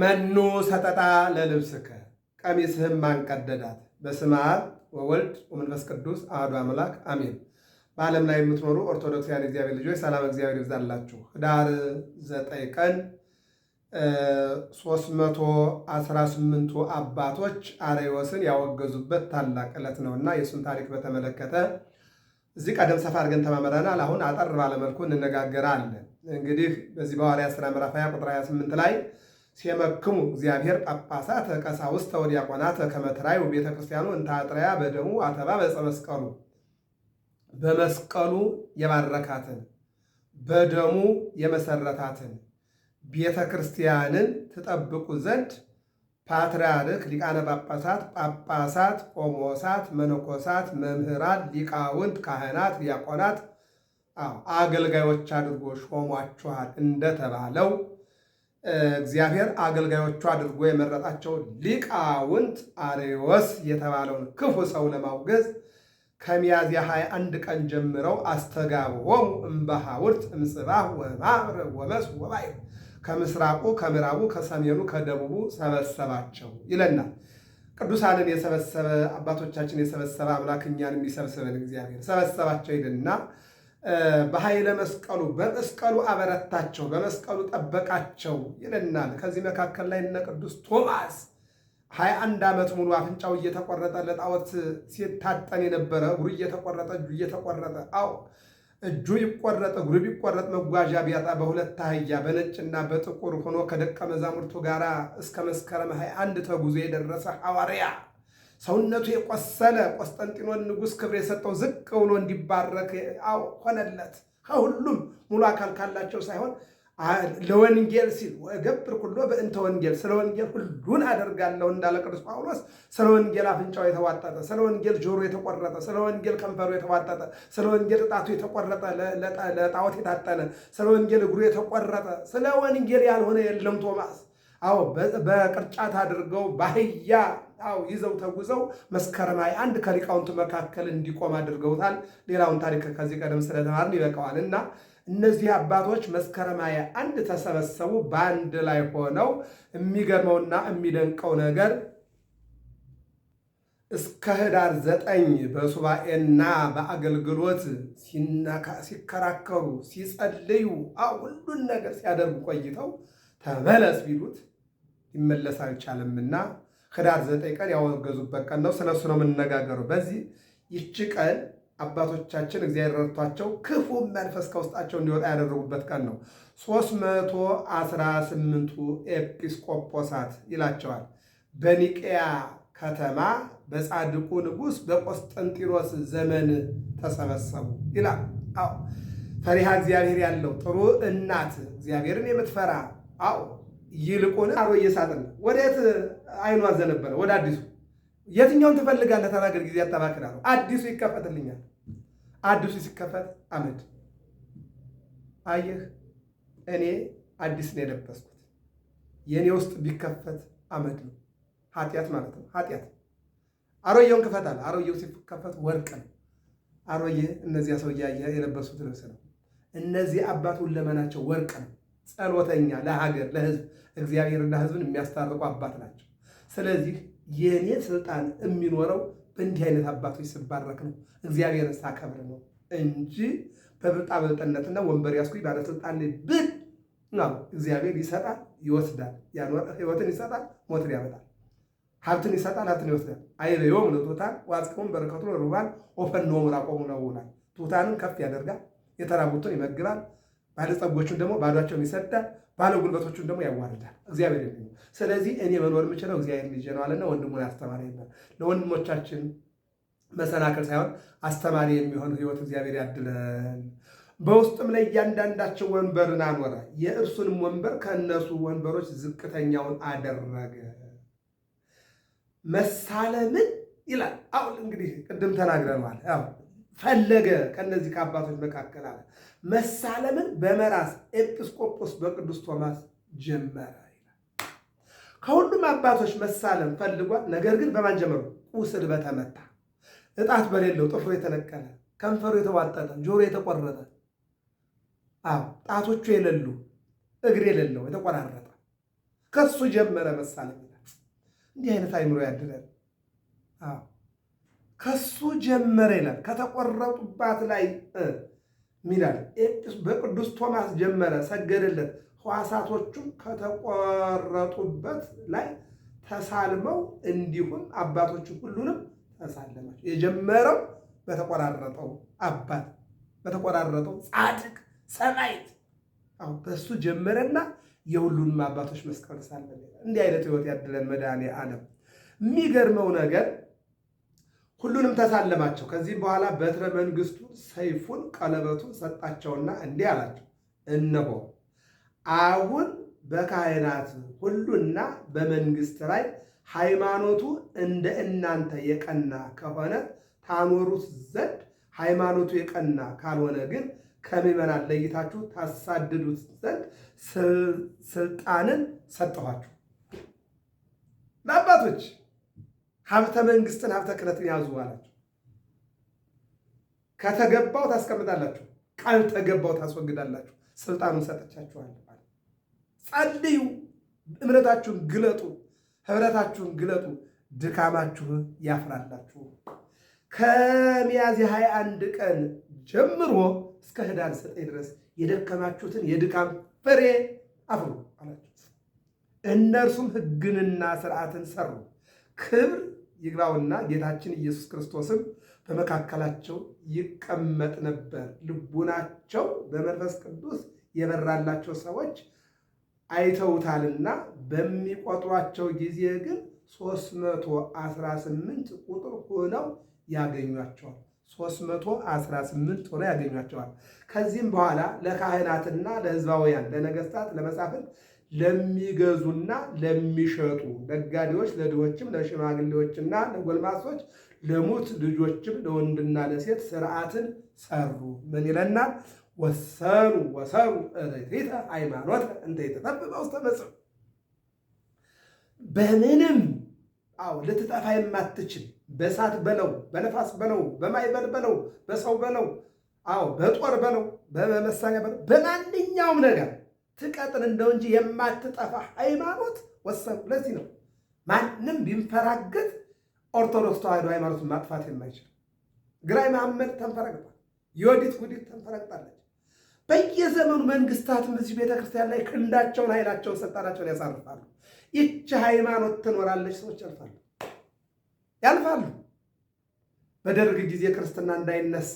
መኑ ሰጠጣ ለልብስከ ቀሚስህም ማንቀደዳት። በስመ አብ ወወልድ ወመንፈስ ቅዱስ አሐዱ አምላክ አሜን። በዓለም ላይ የምትኖሩ ኦርቶዶክሳውያን እግዚአብሔር ልጆች ሰላም እግዚአብሔር ይብዛላችሁ። ህዳር ዘጠኝ ቀን 318ቱ አባቶች አርዮስን ያወገዙበት ታላቅ ዕለት ነውና የእሱን ታሪክ በተመለከተ እዚህ ቀደም ሰፋ አድርገን ተማመረናል። አሁን አጠር ባለመልኩ እንነጋገራለን። እንግዲህ በዚህ በሐዋርያት ሥራ ምዕራፍ 20 ቁጥር 28 ላይ ሴመክሙ እግዚአብሔር ጳጳሳተ ቀሳውስተ ወዲያቆናተ ከመ ትራዩ ቤተ ክርስቲያኑ እንተ በደሙ አተባ በዕፀ መስቀሉ በመስቀሉ የባረካትን በደሙ የመሰረታትን ቤተ ክርስቲያንን ትጠብቁ ዘንድ ፓትርያርክ፣ ሊቃነ ጳጳሳት፣ ጳጳሳት፣ ቆሞሳት፣ መነኮሳት፣ መምህራን፣ ሊቃውንት፣ ካህናት፣ ዲያቆናት አገልጋዮች አድርጎ ሾሟችኋል እንደተባለው እግዚአብሔር አገልጋዮቹ አድርጎ የመረጣቸው ሊቃውንት አሬዎስ የተባለውን ክፉ ሰው ለማውገዝ ከሚያዝያ 21 ቀን ጀምረው አስተጋብሆም እምበሐውርት እምጽባሕ ወማብር ወመስሁ ወባይ ከምስራቁ ከምዕራቡ ከሰሜኑ ከደቡቡ ሰበሰባቸው ይለናል። ቅዱሳንን የሰበሰበ አባቶቻችን የሰበሰበ አምላክ እኛን የሚሰብስበን እግዚአብሔር ሰበሰባቸው ይልና በኃይለ መስቀሉ በመስቀሉ አበረታቸው፣ በመስቀሉ ጠበቃቸው ይለናል። ከዚህ መካከል ላይ እነ ቅዱስ ቶማስ ሀያ አንድ ዓመት ሙሉ አፍንጫው እየተቆረጠ ለጣዖት ሲታጠን የነበረ እግሩ እየተቆረጠ እጁ እየተቆረጠ አዎ እጁ ይቆረጥ እግሩ ቢቆረጥ መጓዣ ቢያጣ በሁለት አህያ በነጭና በጥቁር ሆኖ ከደቀ መዛሙርቱ ጋር እስከ መስከረም ሀያ አንድ ተጉዞ የደረሰ ሐዋርያ ሰውነቱ የቆሰለ ቆስጠንጢኖን ንጉሥ ክብር የሰጠው ዝቅ ብሎ እንዲባረክ ሆነለት። ከሁሉም ሙሉ አካል ካላቸው ሳይሆን ለወንጌል ሲል ወገብር ሁሎ በእንተ ወንጌል ስለ ወንጌል ሁሉን አደርጋለሁ እንዳለ ቅዱስ ጳውሎስ ስለ ወንጌል አፍንጫው የተዋጠጠ፣ ስለ ወንጌል ጆሮ የተቆረጠ፣ ስለ ወንጌል ከንፈሩ የተዋጠጠ፣ ስለ ወንጌል ጣቱ የተቆረጠ፣ ለጣዖት የታጠነ፣ ስለ ወንጌል እግሩ የተቆረጠ፣ ስለ ወንጌል ያልሆነ የለም ቶማስ። አዎ በቅርጫት አድርገው ባህያ አው ይዘው ተጉዘው መስከረም ሃያ አንድ ከሊቃውንቱ መካከል እንዲቆም አድርገውታል። ሌላውን ታሪክ ከዚህ ቀደም ስለተማርን ይበቃዋል እና እነዚህ አባቶች መስከረም ሃያ አንድ ተሰበሰቡ። በአንድ ላይ ሆነው የሚገርመውና የሚደንቀው ነገር እስከ ህዳር ዘጠኝ በሱባኤና በአገልግሎት ሲከራከሩ ሲጸልዩ ሁሉን ነገር ሲያደርጉ ቆይተው ተመለስ ቢሉት ይመለስ አልቻለምና ህዳር ዘጠኝ ቀን ያወገዙበት ቀን ነው። ስለሱ ነው የምንነጋገረው። በዚህ ይቺ ቀን አባቶቻችን እግዚአብሔር ረድቷቸው ክፉ መንፈስ ከውስጣቸው እንዲወጣ ያደረጉበት ቀን ነው። ሦስት መቶ አስራ ስምንቱ ኤጲስቆጶሳት ይላቸዋል በኒቅያ ከተማ በጻድቁ ንጉሥ በቆስጠንጢኖስ ዘመን ተሰበሰቡ ይላል። አዎ ፈሪሃ እግዚአብሔር ያለው ጥሩ እናት እግዚአብሔርን የምትፈራ አዎ ይልቁን አሮጌ ወዴት አይኑ አዘነበለ ወደ አዲሱ። የትኛውን ትፈልጋለህ? ተናገር፣ ጊዜ አታባክናለሁ። አዲሱ ይከፈትልኛል። አዲሱ ሲከፈት አመድ አየህ፣ እኔ አዲስ ነው የለበስኩት። የእኔ ውስጥ ቢከፈት አመድ ነው፣ ኃጢአት ማለት ነው። ኃጢአት አሮየውን ክፈታል። አሮየው ሲከፈት ወርቅ ነው። አሮዬ እነዚያ ሰው የለበሱት ልብስ ነው። እነዚህ አባቱን ለመናቸው ወርቅ ነው። ጸሎተኛ፣ ለሀገር ለህዝብ፣ እግዚአብሔርና ህዝብን የሚያስታርቁ አባት ናቸው። ስለዚህ የእኔ ስልጣን የሚኖረው በእንዲህ አይነት አባቶች ስባረክ ነው፣ እግዚአብሔርን ሳከብር ነው እንጂ በብልጣ በልጥነትና ወንበር ያስኩኝ ባለስልጣን ብል ነው። እግዚአብሔር ይሰጣል፣ ይወስዳል፣ ህይወትን ይሰጣል፣ ሞትን ያመጣል፣ ሀብትን ይሰጣል፣ ሀብትን ይወስዳል። አይለዮም ለቱታን ዋጽቀውን በረከቱን ርባን ወፈኖም ራቆሙ ነው ውላል። ቱታንን ከፍ ያደርጋል፣ የተራቡትን ይመግባል፣ ባለጸጎቹን ደግሞ ባዷቸውን ይሰዳል። ባለ ጉልበቶቹን ደግሞ ያዋርዳል። እግዚአብሔር የሚለው ስለዚህ እኔ መኖር የምችለው እግዚአብሔር ልጄ ነው አለና ወንድሙን አስተማሪ ነበር። ለወንድሞቻችን መሰናክል ሳይሆን አስተማሪ የሚሆን ህይወት እግዚአብሔር ያድለን። በውስጥም ላይ እያንዳንዳቸው ወንበርን አኖረ፣ የእርሱንም ወንበር ከእነሱ ወንበሮች ዝቅተኛውን አደረገ። መሳለምን ይላል። አሁን እንግዲህ ቅድም ተናግረነዋል። ፈለገ ከእነዚህ ከአባቶች መካከል አለ መሳለምን በመራስ ኤጲስቆጶስ በቅዱስ ቶማስ ጀመረ ይላል። ከሁሉም አባቶች መሳለም ፈልጓል። ነገር ግን በማን ጀመሩ? ቁስል በተመታ እጣት በሌለው ጥፍሮ የተነቀለ ከንፈሩ የተዋጠጠ ጆሮ የተቆረጠ አዎ ጣቶቹ የሌሉ እግር የሌለው የተቆራረጠ ከሱ ጀመረ መሳለም ይላል። እንዲህ አይነት አይምሮ ያድላል። አዎ ከሱ ጀመረ ይላል ከተቆረጡባት ላይ ሚላል በቅዱስ ቶማስ ጀመረ፣ ሰገደለት። ሕዋሳቶቹም ከተቆረጡበት ላይ ተሳልመው እንዲሁም አባቶቹ ሁሉንም ተሳለማቸው። የጀመረው በተቆራረጠው አባት በተቆራረጠው ጻድቅ ሰማዕት በሱ ጀመረና የሁሉንም አባቶች መስቀል ተሳለመ። እንዲህ አይነት ሕይወት ያድለን መድኃኔ ዓለም። የሚገርመው ነገር ሁሉንም ተሳለማቸው። ከዚህም በኋላ በትረ መንግስቱ ሰይፉን፣ ቀለበቱን ሰጣቸውና እንዲህ አላቸው፣ እነሆ አሁን በካህናት ሁሉና በመንግስት ላይ ሃይማኖቱ እንደ እናንተ የቀና ከሆነ ታኖሩት ዘንድ ሃይማኖቱ የቀና ካልሆነ ግን ከምዕመናን ለይታችሁ ታሳድዱት ዘንድ ስልጣንን ሰጠኋችሁ ለአባቶች ሀብተ መንግስትን ሀብተ ክለትን ያዙ አላቸው። ከተገባው ታስቀምጣላችሁ፣ ካልተገባው ታስወግዳላችሁ፣ ስልጣኑን ሰጥቻችኋለሁ። ጸልዩ፣ እምነታችሁን ግለጡ፣ ህብረታችሁን ግለጡ፣ ድካማችሁ ያፍራላችሁ። ከሚያዝያ 21 ቀን ጀምሮ እስከ ህዳር ዘጠኝ ድረስ የደከማችሁትን የድካም ፍሬ አፍሩ አላቸው። እነርሱም ህግንና ስርዓትን ሰሩ። ክብር ይግባውና ጌታችን ኢየሱስ ክርስቶስም በመካከላቸው ይቀመጥ ነበር። ልቡናቸው በመንፈስ ቅዱስ የበራላቸው ሰዎች አይተውታልና በሚቆጥሯቸው ጊዜ ግን 318 ቁጥር ሆነው ያገኟቸዋል። 318 ሆነው ያገኟቸዋል። ከዚህም በኋላ ለካህናትና ለሕዝባውያን ለነገስታት፣ ለመሳፍንት ለሚገዙና ለሚሸጡ ነጋዴዎች ለድሆችም ለሽማግሌዎችና ለጎልማሶች ለሙት ልጆችም ለወንድና ለሴት ስርዓትን ሰሩ። ምን ይለናል? ወሰኑ ወሰሩ ርቲተ ሃይማኖት እንደ የተጠበቀ ውስጥ መጽእ በምንም አው ልትጠፋ የማትችል በእሳት በለው በነፋስ በለው በማዕበል በለው በሰው በለው አው በጦር በለው በመሳሪያ በለው በማንኛውም ነገር ትቀጥን እንደው እንጂ የማትጠፋ ሃይማኖት ወሰኑ። ለዚህ ነው ማንም ቢንፈራገጥ ኦርቶዶክስ ተዋሕዶ ሃይማኖትን ማጥፋት የማይችል ግራኝ መሐመድ ተንፈረግጧል። የወዲት ጉዲት ተንፈረግጣለች። በየዘመኑ መንግስታትም በዚህ ቤተክርስቲያን ላይ ክንዳቸውን፣ ኃይላቸውን፣ ስልጣናቸውን ያሳርፋሉ። ይቺ ሃይማኖት ትኖራለች። ሰዎች ያልፋሉ ያልፋሉ። በደርግ ጊዜ ክርስትና እንዳይነሳ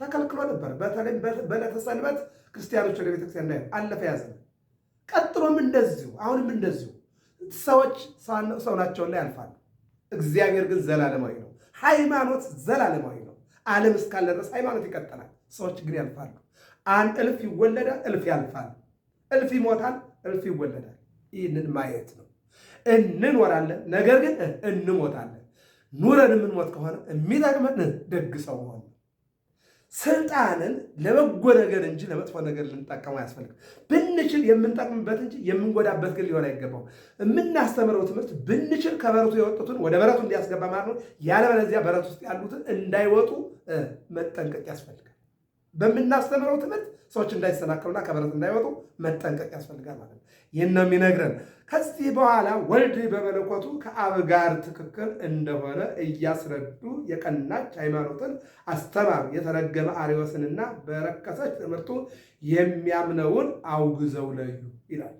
ተከልክሎ ነበር። በተለይ በዕለተ ሰንበት ክርስቲያኖች ወደ ቤተክርስቲያን እንዳይሆን አለፈ ያዘ። ቀጥሎም እንደዚሁ አሁንም እንደዚሁ ሰዎች ሰውናቸውን ላይ ያልፋሉ። እግዚአብሔር ግን ዘላለማዊ ነው። ሃይማኖት ዘላለማዊ ነው። ዓለም እስካለ ድረስ ሃይማኖት ይቀጥላል። ሰዎች ግን ያልፋሉ። አንድ እልፍ ይወለዳል፣ እልፍ ያልፋል። እልፍ ይሞታል፣ እልፍ ይወለዳል። ይህንን ማየት ነው። እንኖራለን፣ ነገር ግን እንሞታለን። ኑረን የምንሞት ከሆነ የሚጠቅመን ደግ ሰው መሆን ስልጣንን ለበጎ ነገር እንጂ ለመጥፎ ነገር ልንጠቀሙ አያስፈልግም። ብንችል የምንጠቅምበት እንጂ የምንጎዳበት ግን ሊሆን አይገባው። የምናስተምረው ትምህርት ብንችል ከበረቱ የወጡትን ወደ በረቱ እንዲያስገባ ማለት ነው። ያለበለዚያ በረት ውስጥ ያሉትን እንዳይወጡ መጠንቀቅ ያስፈልጋል። በምናስተምረው ትምህርት ሰዎች እንዳይሰናከሉና ከበረት እንዳይወጡ መጠንቀቅ ያስፈልጋል ማለት ነው። ይህን ነው የሚነግረን። ከዚህ በኋላ ወልድ በመለኮቱ ከአብ ጋር ትክክል እንደሆነ እያስረዱ የቀናች ሃይማኖትን አስተማሩ። የተረገመ አሪወስንና በረከሰች ትምህርቱ የሚያምነውን አውግዘው ለዩ ይላል።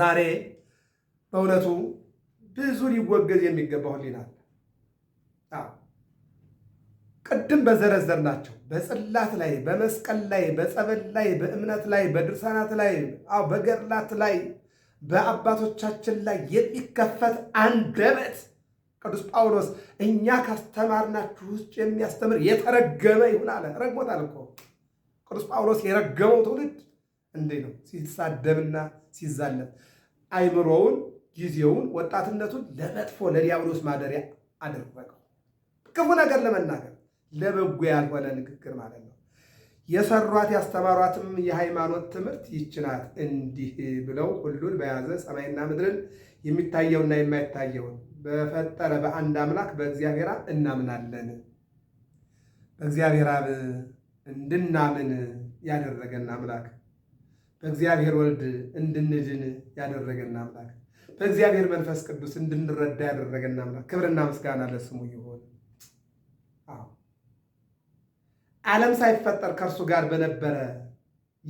ዛሬ በእውነቱ ብዙ ሊወገዝ የሚገባው ሕሊና ቅድም በዘረዘር ናቸው በጽላት ላይ፣ በመስቀል ላይ፣ በጸበል ላይ፣ በእምነት ላይ፣ በድርሳናት ላይ፣ በገድላት ላይ፣ በአባቶቻችን ላይ የሚከፈት አንደበት ቅዱስ ጳውሎስ እኛ ካስተማርናችሁ ውስጥ የሚያስተምር የተረገመ ይሁን አለ። ረግሞታል እኮ ቅዱስ ጳውሎስ የረገመው ትውልድ እንዴ ነው ሲሳደብና ሲዛለም አይምሮውን ጊዜውን ወጣትነቱን ለመጥፎ ለዲያብሎስ ማደሪያ አደረገው ክፉ ነገር ለመናገር ለበጎ ያልሆነ ንግግር ማለት ነው። የሰሯት ያስተማሯትም የሃይማኖት ትምህርት ይችናት እንዲህ ብለው ሁሉን በያዘ ሰማይና ምድርን የሚታየውና የማይታየውን በፈጠረ በአንድ አምላክ በእግዚአብሔር አብ እናምናለን። በእግዚአብሔር አብ እንድናምን ያደረገን አምላክ፣ በእግዚአብሔር ወልድ እንድንድን ያደረገን አምላክ፣ በእግዚአብሔር መንፈስ ቅዱስ እንድንረዳ ያደረገን አምላክ ክብርና ምስጋና ለስሙ ይሁን። ዓለም ሳይፈጠር ከእርሱ ጋር በነበረ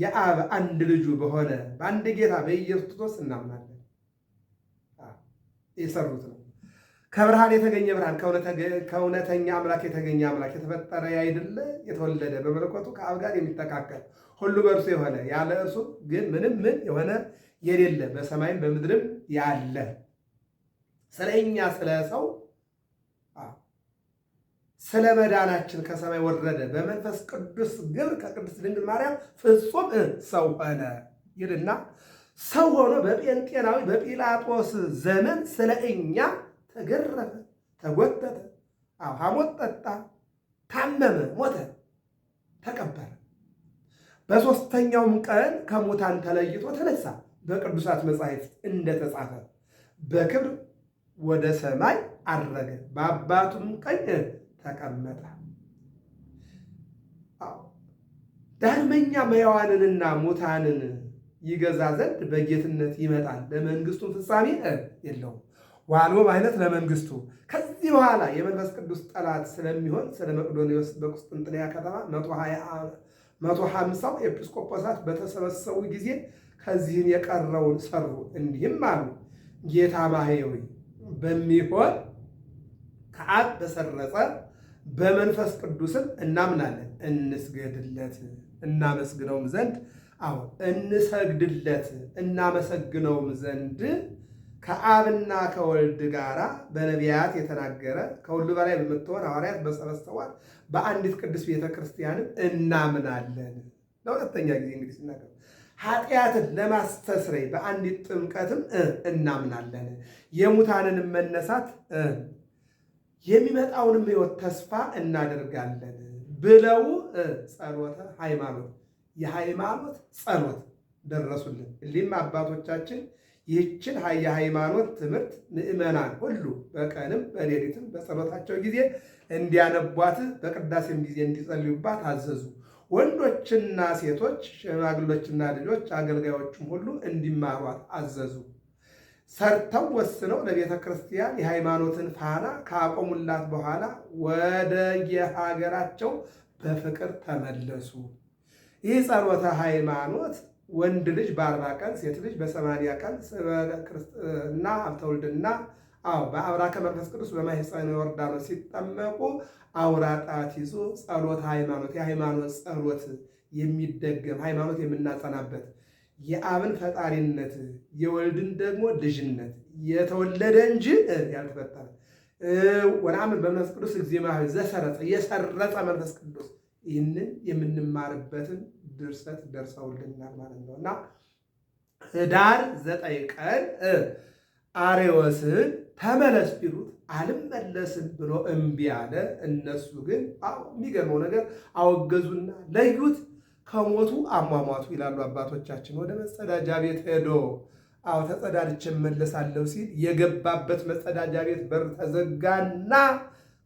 የአብ አንድ ልጁ በሆነ በአንድ ጌታ በኢየሱስ ክርስቶስ እናምናለን። የሰሩት ነው። ከብርሃን የተገኘ ብርሃን፣ ከእውነተኛ አምላክ የተገኘ አምላክ፣ የተፈጠረ አይደለ የተወለደ በመለኮቱ ከአብ ጋር የሚተካከል ሁሉ በእርሱ የሆነ ያለ እርሱ ግን ምንም ምን የሆነ የሌለ በሰማይም በምድርም ያለ ስለኛ ስለ ሰው ስለ መዳናችን ከሰማይ ወረደ፣ በመንፈስ ቅዱስ ግብር ከቅድስት ድንግል ማርያም ፍጹም ሰው ሆነ ይልና ሰው ሆኖ በጴንጤናዊ በጲላጦስ ዘመን ስለ እኛ ተገረፈ፣ ተጎተተ፣ ሐሞት ጠጣ፣ ታመመ፣ ሞተ፣ ተቀበረ። በሦስተኛውም ቀን ከሙታን ተለይቶ ተነሳ፣ በቅዱሳት መጻሕፍት እንደተጻፈ በክብር ወደ ሰማይ አረገ በአባቱም ቀኝ ተቀመጠ። ዳግመኛ መያዋንንና ሙታንን ይገዛ ዘንድ በጌትነት ይመጣል፣ ለመንግስቱም ፍጻሜ የለውም። ዋልቦ ማለት ለመንግስቱ ከዚህ በኋላ የመንፈስ ቅዱስ ጠላት ስለሚሆን ስለ መቅዶኒዎስ በቁስጥንጥንያ ከተማ መቶ ሀምሳው ኤጲስቆጶሳት በተሰበሰቡ ጊዜ ከዚህን የቀረውን ሰሩ፣ እንዲህም አሉ ጌታ ማሕየዊ በሚሆን ከአብ በሰረጸ በመንፈስ ቅዱስም እናምናለን። እንስገድለት እናመስግነውም ዘንድ አዎ እንሰግድለት እናመሰግነውም ዘንድ ከአብና ከወልድ ጋር በነቢያት የተናገረ ከሁሉ በላይ በምትሆን ሐዋርያት በሰበሰቧት በአንዲት ቅዱስ ቤተ ክርስቲያንም እናምናለን። ለሁለተኛ ጊዜ እንግዲህ ሲናገር ኃጢአትን ለማስተስረይ በአንዲት ጥምቀትም እናምናለን። የሙታንንም መነሳት የሚመጣውንም ህይወት ተስፋ እናደርጋለን ብለው ጸሎተ ሃይማኖት የሃይማኖት ጸሎት ደረሱልን። እሊም አባቶቻችን ይህችን የሃይማኖት ትምህርት ምእመናን ሁሉ በቀንም በሌሊትም በጸሎታቸው ጊዜ እንዲያነቧት በቅዳሴም ጊዜ እንዲጸልዩባት አዘዙ። ወንዶችና ሴቶች፣ ሽማግሎችና ልጆች፣ አገልጋዮችም ሁሉ እንዲማሯት አዘዙ። ሰርተው ወስነው ለቤተ ክርስቲያን የሃይማኖትን ፋና ካቆሙላት በኋላ ወደ የሀገራቸው በፍቅር ተመለሱ። ይህ ጸሎተ ሃይማኖት ወንድ ልጅ በአርባ ቀን ሴት ልጅ በሰማንያ ቀን እና አብተውልድና አዎ በአብራከ መንፈስ ቅዱስ በማኅፀነ ዮርዳኖስ ሲጠመቁ አውራ ጣት ይዞ ጸሎተ ሃይማኖት የሃይማኖት ጸሎት የሚደገም ሃይማኖት የምናጸናበት የአብን ፈጣሪነት የወልድን ደግሞ ልጅነት የተወለደ እንጂ ያልተፈጠረ ወነአምን በመንፈስ ቅዱስ እግዚአብሔር ዘሰረጸ የሰረጸ መንፈስ ቅዱስ ይህንን የምንማርበትን ድርሰት ደርሰውልናል ማለት ነው እና ህዳር ዘጠኝ ቀን አሬወስን ተመለስ ቢሉት አልመለስም ብሎ እምቢ አለ። እነሱ ግን የሚገርመው ነገር አወገዙና ለዩት። ከሞቱ አሟሟቱ ይላሉ አባቶቻችን። ወደ መጸዳጃ ቤት ሄዶ አዎ ተጸዳድቼ እመለሳለሁ ሲል የገባበት መጸዳጃ ቤት በር ተዘጋና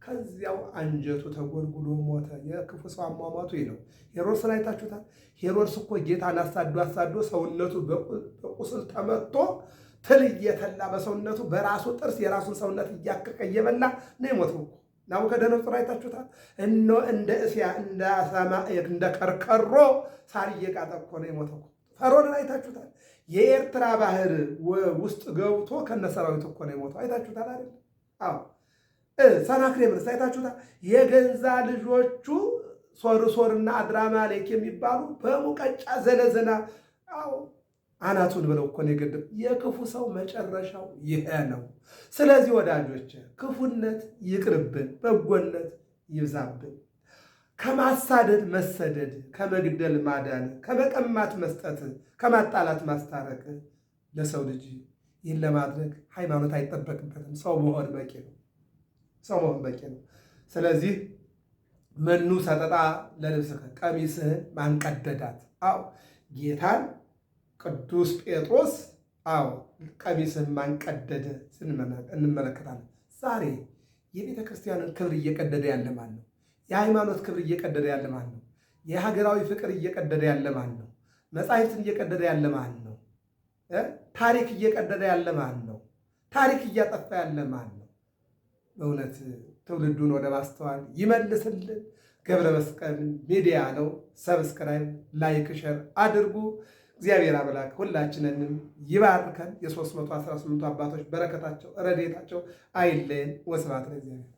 ከዚያው አንጀቱ ተጎልጉሎ ሞተ። የክፉ ሰው አሟሟቱ ይህ ነው። ሄሮድስ ላይ ታችሁታል። ሄሮድስ እኮ ጌታን አሳዶ አሳዶ ሰውነቱ በቁስል ተመቶ ትል እየተላ በሰውነቱ በራሱ ጥርስ የራሱን ሰውነት እያከቀ እየበላ ነው የሞተው እኮ ናቡከደነፆር አይታችሁታል። እነሆ እንደ እስያ እንደ አሳማ እንደ ከርከሮ ሳር እየቃጠ እኮ ነው የሞተው። ፈርዖንን አይታችሁታል። የኤርትራ ባህር ውስጥ ገብቶ ከነሰራዊት እኮ ነው የሞተው። አይታችሁታል አይደል? አዎ ሰናክሬምንስ አይታችሁታል። የገዛ ልጆቹ ሶርሶርና አድራማሌክ የሚባሉ በሙቀጫ ዘነዘና። አዎ አናቱን ብለው እኮ ነው የገደሉ። የክፉ ሰው መጨረሻው ይሄ ነው። ስለዚህ ወዳጆች ክፉነት ይቅርብን፣ በጎነት ይብዛብን። ከማሳደድ መሰደድ፣ ከመግደል ማዳን፣ ከመቀማት መስጠት፣ ከማጣላት ማስታረቅ። ለሰው ልጅ ይህን ለማድረግ ሃይማኖት አይጠበቅበትም። ሰው መሆን በቂ ነው። ሰው መሆን በቂ ነው። ስለዚህ መኑ ሰጠጣ ለልብስህ ቀሚስህን ማንቀደዳት አው ጌታን ቅዱስ ጴጥሮስ አዎ ቀሚስን ማን ቀደደ እንመለከታለን። ዛሬ የቤተ ክርስቲያንን ክብር እየቀደደ ያለ ማን ነው? የሃይማኖት ክብር እየቀደደ ያለ ማን ነው? የሀገራዊ ፍቅር እየቀደደ ያለ ማን ነው? መጻሕፍትን እየቀደደ ያለ ማን ነው? ታሪክ እየቀደደ ያለ ማን ነው? ታሪክ እያጠፋ ያለ ማን ነው? በእውነት ትውልዱን ወደ ማስተዋል ይመልስልን። ገብረ መስቀል ሚዲያ ነው። ሰብስክራይብ፣ ላይክ፣ ሸር አድርጉ። እግዚአብሔር አምላክ ሁላችንንም ይባርከን። 318 አባቶች በረከታቸው ረዴታቸው አይለየን። ወስብሐት ለእግዚአብሔር።